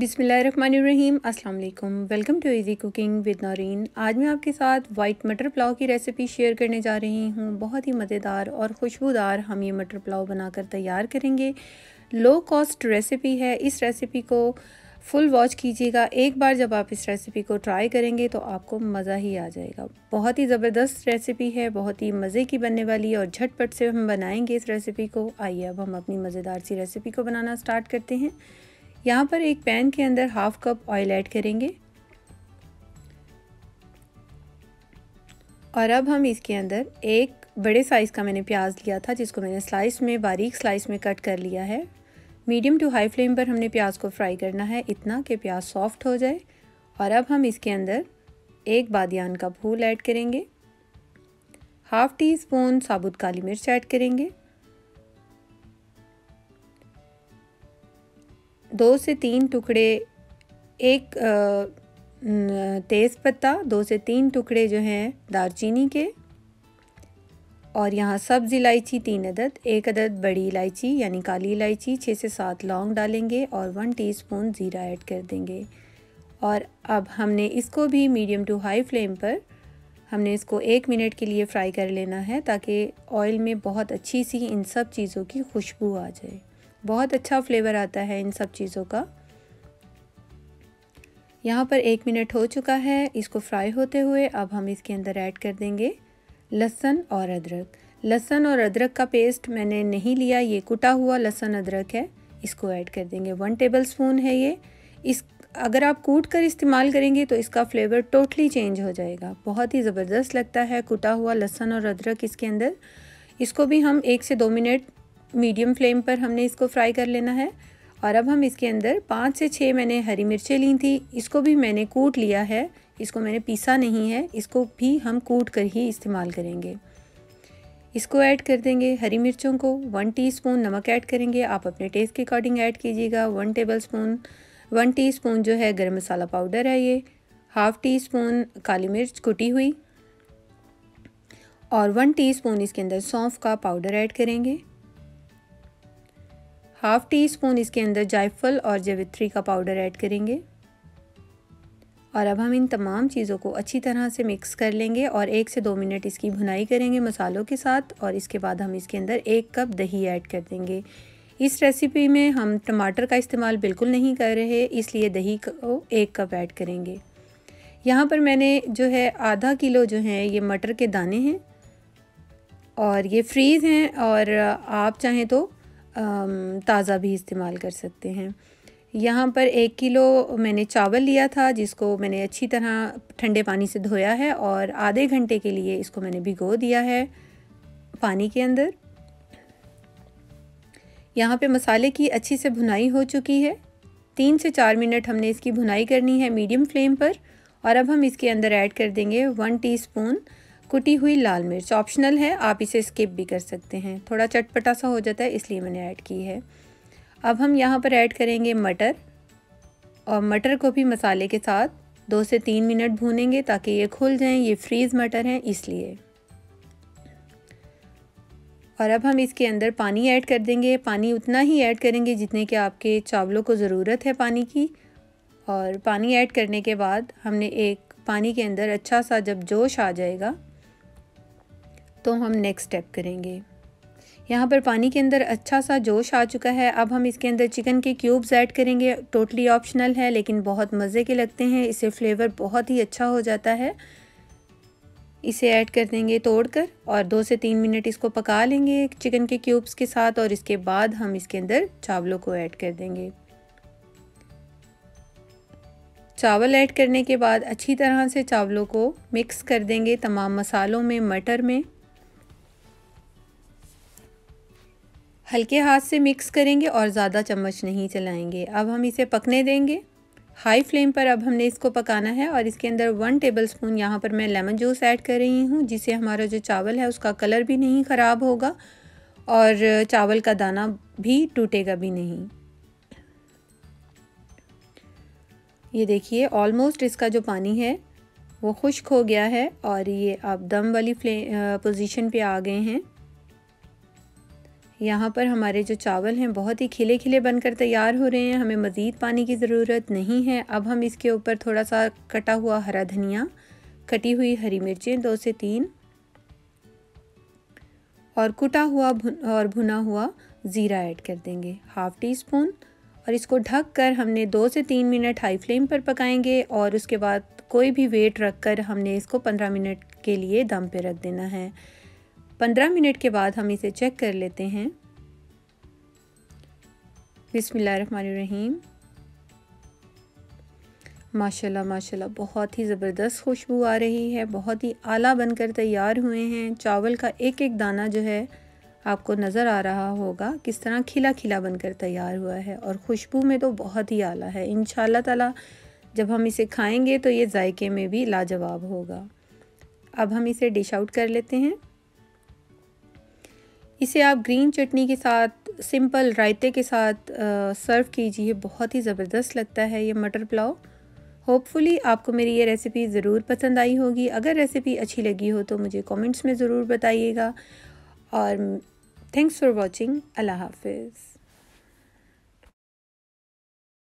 बिसमीम अस्सलाम वालेकुम welcome to easy cooking with Nareen आज मैं आपके साथ वाइट मटर पुलाव की रेसिपी शेयर करने जा रही हूँ बहुत ही मज़ेदार और खुशबूदार हम ये मटर पुलाव बनाकर तैयार करेंगे लो कॉस्ट रेसिपी है इस रेसिपी को फुल वॉच कीजिएगा एक बार जब आप इस रेसिपी को ट्राई करेंगे तो आपको मज़ा ही आ जाएगा बहुत ही ज़बरदस्त रेसिपी है बहुत ही मज़े की बनने वाली है और झटपट से हम बनाएंगे इस रेसिपी को आइए अब हम अपनी मज़ेदार सी रेसिपी को बनाना स्टार्ट करते हैं यहाँ पर एक पैन के अंदर हाफ कप ऑयल ऐड करेंगे और अब हम इसके अंदर एक बड़े साइज़ का मैंने प्याज लिया था जिसको मैंने स्लाइस में बारीक स्लाइस में कट कर लिया है मीडियम टू हाई फ्लेम पर हमने प्याज को फ्राई करना है इतना कि प्याज सॉफ्ट हो जाए और अब हम इसके अंदर एक बादियान का फूल ऐड करेंगे हाफ़ टी स्पून साबुत काली मिर्च ऐड करेंगे दो से तीन टुकड़े एक तेज़पत्ता दो से तीन टुकड़े जो हैं दारचीनी के और यहाँ सब्ज़ इलायची तीन अदद एक अदद बड़ी इलायची यानी काली इलायची छः से सात लौंग डालेंगे और वन टीस्पून ज़ीरा ऐड कर देंगे और अब हमने इसको भी मीडियम टू हाई फ्लेम पर हमने इसको एक मिनट के लिए फ्राई कर लेना है ताकि ऑयल में बहुत अच्छी सी इन सब चीज़ों की खुशबू आ जाए बहुत अच्छा फ्लेवर आता है इन सब चीज़ों का यहाँ पर एक मिनट हो चुका है इसको फ्राई होते हुए अब हम इसके अंदर ऐड कर देंगे लहसन और अदरक लहसन और अदरक का पेस्ट मैंने नहीं लिया ये कुटा हुआ लहसन अदरक है इसको ऐड कर देंगे वन टेबल स्पून है ये इस अगर आप कूट कर इस्तेमाल करेंगे तो इसका फ्लेवर टोटली चेंज हो जाएगा बहुत ही ज़बरदस्त लगता है कुटा हुआ लहसन और अदरक इसके अंदर इसको भी हम एक से दो मिनट मीडियम फ्लेम पर हमने इसको फ्राई कर लेना है और अब हम इसके अंदर पाँच से छः मैंने हरी मिर्चें ली थी इसको भी मैंने कूट लिया है इसको मैंने पीसा नहीं है इसको भी हम कूट कर ही इस्तेमाल करेंगे इसको ऐड कर देंगे हरी मिर्चों को वन टीस्पून नमक ऐड करेंगे आप अपने टेस्ट के अकॉर्डिंग ऐड कीजिएगा one tablespoon one teaspoon जो है गरम मसाला पाउडर है ये हाफ़ टी स्पून काली मिर्च कुटी हुई और वन टीस्पून इसके अंदर सौंफ का पाउडर ऐड करेंगे हाफ़ टी स्पून इसके अंदर जायफल और जवित्री का पाउडर ऐड करेंगे और अब हम इन तमाम चीज़ों को अच्छी तरह से मिक्स कर लेंगे और एक से दो मिनट इसकी भुनाई करेंगे मसालों के साथ और इसके बाद हम इसके अंदर एक कप दही ऐड कर देंगे इस रेसिपी में हम टमाटर का इस्तेमाल बिल्कुल नहीं कर रहे इसलिए दही को एक कप ऐड करेंगे यहाँ पर मैंने जो है आधा किलो जो है ये मटर के दाने हैं और ये फ्रीज़ हैं और आप चाहें तो ताज़ा भी इस्तेमाल कर सकते हैं यहाँ पर एक किलो मैंने चावल लिया था जिसको मैंने अच्छी तरह ठंडे पानी से धोया है और आधे घंटे के लिए इसको मैंने भिगो दिया है पानी के अंदर यहाँ पे मसाले की अच्छी से भुनाई हो चुकी है तीन से चार मिनट हमने इसकी भुनाई करनी है मीडियम फ्लेम पर और अब हम इसके अंदर ऐड कर देंगे वन टीस्पून स्पून कुटी हुई लाल मिर्च ऑप्शनल है आप इसे स्किप भी कर सकते हैं थोड़ा चटपटा सा हो जाता है इसलिए मैंने ऐड की है अब हम यहाँ पर ऐड करेंगे मटर और मटर को भी मसाले के साथ दो से तीन मिनट भूनेंगे ताकि ये खुल जाएं ये फ्रीज़ मटर हैं इसलिए और अब हम इसके अंदर पानी ऐड कर देंगे पानी उतना ही ऐड करेंगे जितने कि आपके चावलों को ज़रूरत है पानी की और पानी ऐड करने के बाद हमने एक पानी के अंदर अच्छा सा जब जोश आ जाएगा तो हम नेक्स्ट स्टेप करेंगे यहाँ पर पानी के अंदर अच्छा सा जोश आ चुका है अब हम इसके अंदर चिकन के क्यूब्स ऐड करेंगे टोटली ऑप्शनल है लेकिन बहुत मज़े के लगते हैं इससे फ्लेवर बहुत ही अच्छा हो जाता है इसे ऐड कर देंगे तोड़कर और दो से तीन मिनट इसको पका लेंगे चिकन के क्यूब्स के साथ और इसके बाद हम इसके अंदर चावलों को ऐड कर देंगे चावल ऐड करने के बाद अच्छी तरह से चावलों को मिक्स कर देंगे तमाम मसालों में मटर में हल्के हाथ से मिक्स करेंगे और ज़्यादा चम्मच नहीं चलाएंगे अब हम इसे पकने देंगे हाई फ्लेम पर अब हमने इसको पकाना है और इसके अंदर वन टेबल स्पून यहाँ पर मैं लेमन जूस ऐड कर रही हूँ जिससे हमारा जो चावल है उसका कलर भी नहीं ख़राब होगा और चावल का दाना भी टूटेगा भी नहीं ये देखिए ऑलमोस्ट इसका जो पानी है वो खुश्क हो गया है और ये आप दम वाली फ्ले पोजिशन पर आ गए हैं यहाँ पर हमारे जो चावल हैं बहुत ही खिले खिले बनकर तैयार हो रहे हैं हमें मज़ीद पानी की ज़रूरत नहीं है अब हम इसके ऊपर थोड़ा सा कटा हुआ हरा धनिया कटी हुई हरी मिर्चें दो से तीन और कुटा हुआ भुन, और भुना हुआ ज़ीरा ऐड कर देंगे हाफ़ टी स्पून और इसको ढक कर हमने दो से तीन मिनट हाई फ्लेम पर पकाएंगे और उसके बाद कोई भी वेट रख कर हमने इसको पंद्रह मिनट के लिए दम पे रख देना है पंद्रह मिनट के बाद हम इसे चेक कर लेते हैं बिसमीम माशाल्लाह माशाल्लाह बहुत ही ज़बरदस्त खुशबू आ रही है बहुत ही आला बनकर तैयार हुए हैं चावल का एक एक दाना जो है आपको नज़र आ रहा होगा किस तरह खिला खिला बनकर तैयार हुआ है और खुशबू में तो बहुत ही आला है इन ताला जब हम इसे खाएंगे तो ये जायके में भी लाजवाब होगा अब हम इसे डिश आउट कर लेते हैं इसे आप ग्रीन चटनी के साथ सिंपल रायते के साथ सर्व कीजिए बहुत ही ज़बरदस्त लगता है ये मटर पुलाव होपफुली आपको मेरी ये रेसिपी ज़रूर पसंद आई होगी अगर रेसिपी अच्छी लगी हो तो मुझे कमेंट्स में ज़रूर बताइएगा और थैंक्स फॉर वॉचिंग अल्लाह हाफिज़